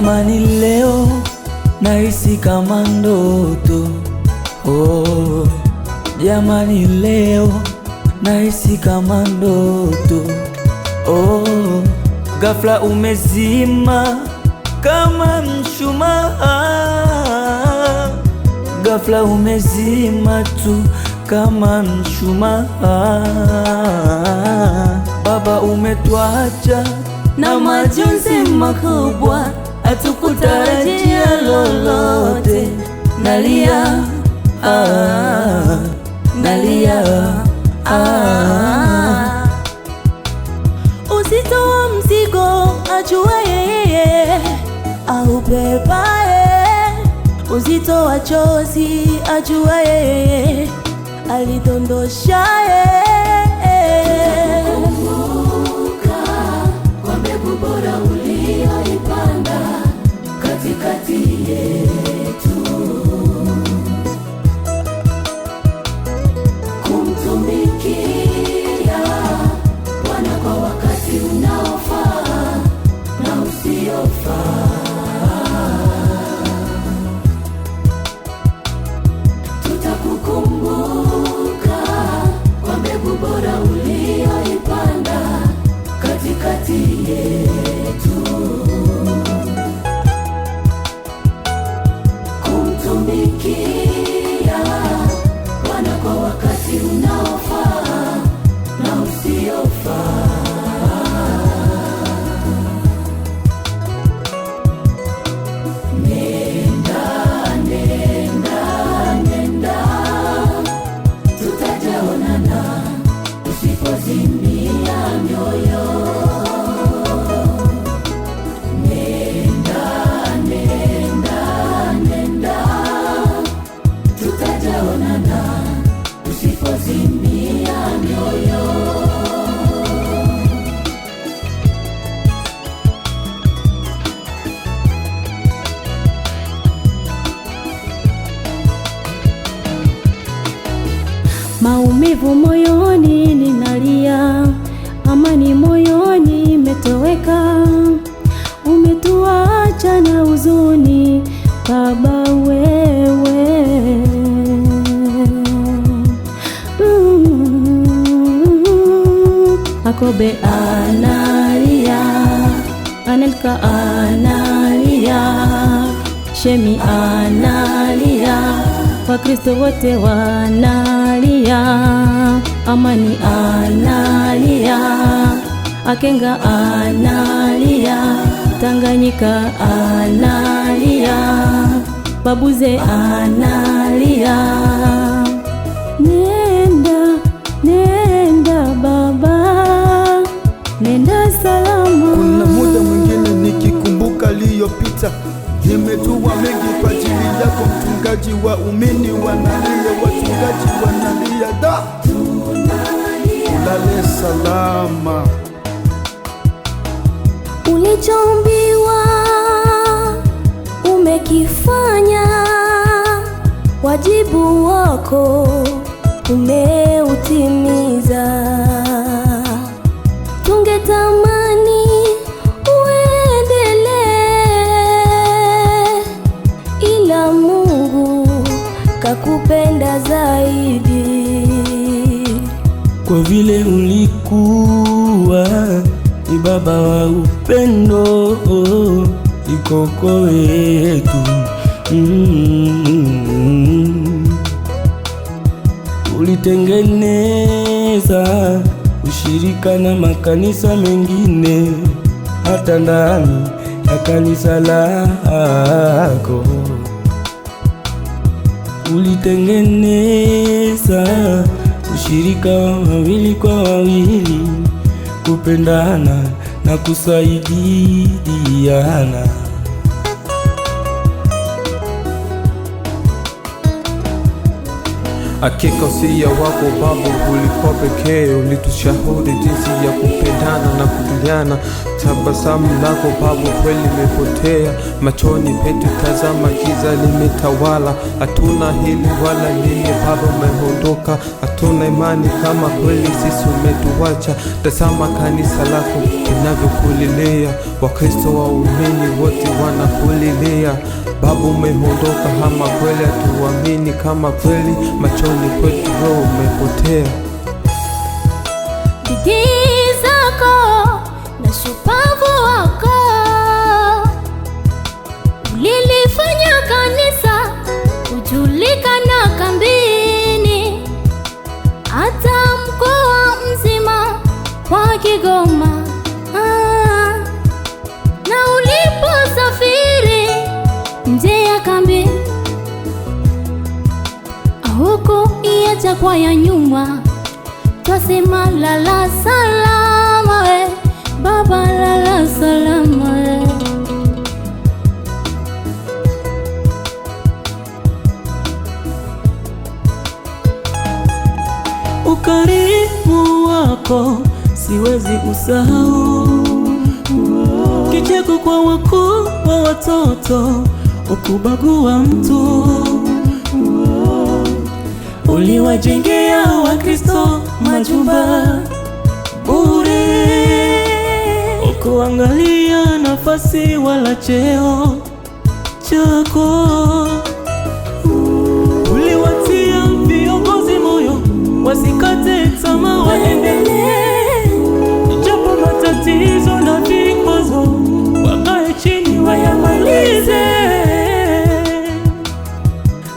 Jamani, leo, nahisi kama ndoto oh. Jamani leo, nahisi kama ndoto oh. Ghafla umezima kama mshumaa, ghafla umezima tu kama mshumaa. Baba, umetwacha na majonzi makubwa hatukutarajia lolote. Nalia ah, nalia ah. Uzito wa mzigo ajua yeye aubebae, uzito wa chozi ajua yeye alidondoshaye Maumivu moyoni ninalia, amani moyoni imetoweka. Umetuacha na huzuni Baba wewe mm. Akobe analia, Anelka analia, Shemi analia, Wakristo wote wana Anania, amani analia Akenga analia Tanganyika analia Babuze analia Nenda, nenda baba, nenda salama. vita. Nimetua mengi kwa ajili yako mchungaji, umini wanalia, wachungaji wanalia, da ulale salama. ulichombiwa umekifanya, wajibu wako umeutimi Wokovu wetu mm Ulitengeneza ushirika na makanisa mengine hata ndani ya kanisa lako ulitengeneza ushirika wa wawili kwa wawili, kupendana na kusaidiana. Hakika ya wako babu ulikuwa pekee, ulitushauri jinsi ya kupendana na kujuliana. Tabasamu lako babu kweli limepotea machoni petu, tazama giza limetawala. Hatuna hili wala lile, baba umeondoka, hatuna imani kama kweli sisi umetuwacha. Tazama kanisa lako linavyokulilea, Wakristo waumini wote wanakulilea Babu mehondoka hama kweli, hatuamini kama kweli, machoni kwetu roho umepotea. Didi zako na shupavu wako tuliacha kwa ya nyuma, twasema lala salama we baba, lala salama we. Ukarimu wako siwezi usahau, kicheko kwa wakuu wa watoto ukubagua mtu uliwajengea Wakristo majumba bure, ukuangalia nafasi wala cheo chako. Uliwatia viongozi moyo wasikate tamaa, waendelee japo matatizo na vikwazo, wakae chini wayamalize,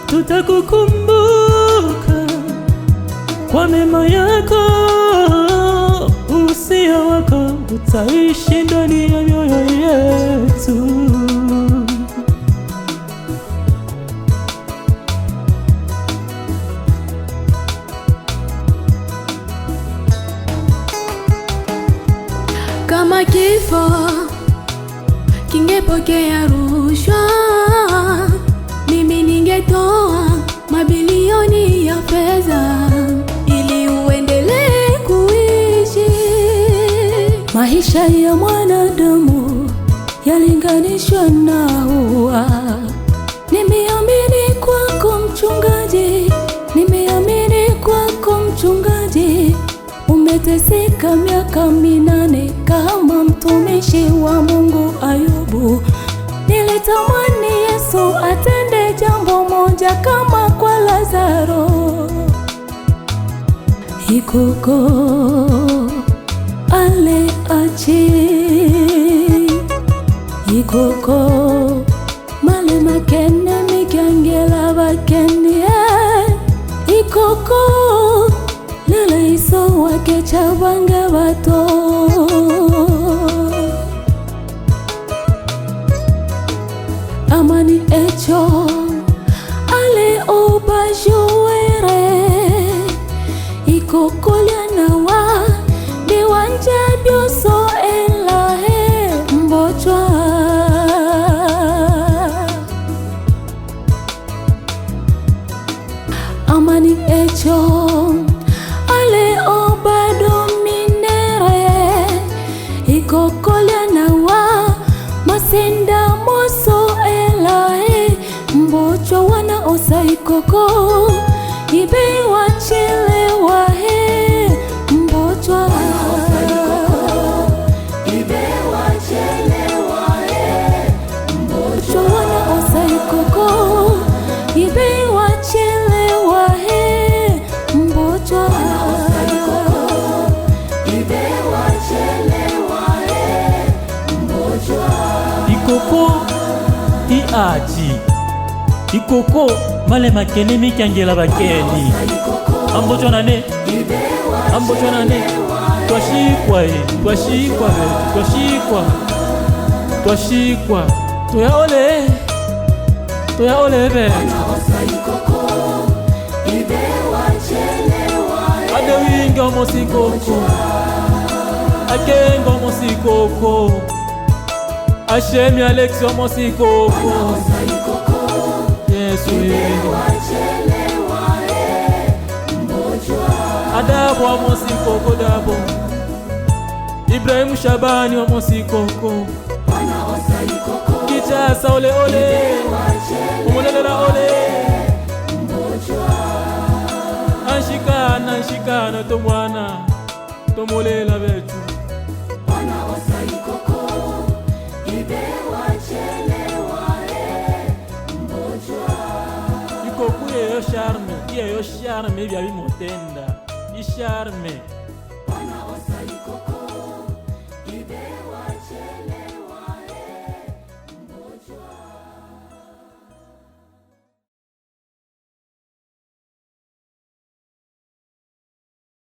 tutakukumbuka kwa mema yako usia wako utaishi ndani ya mioyo yetu. Kama kifo kingepokea katika miaka minane kama mtumishi wa Mungu Ayubu. Nilitamani Yesu atende jambo moja kama kwa Lazaro. Ikoko ale achi Ikoko banga bato amani echo ale obajowere ikokolya nawa biwanja byoso badi ikoko malema kene mikangela bakeni ambotwanane ambotwanane e, twashikwa e twashikwa twashikwa twashikwa toya ole adewinga mosikoko akenga omosikoko Ashemi Alex Omosikoko Yesu Adabo Omosikoko Dabo Ibrahim Shabani Omosikoko Kichasa ole ole Umolelela ole Anshikana anshikana tomwana tomolela betu yo charme iyo yo charme ibyo abimutenda isharme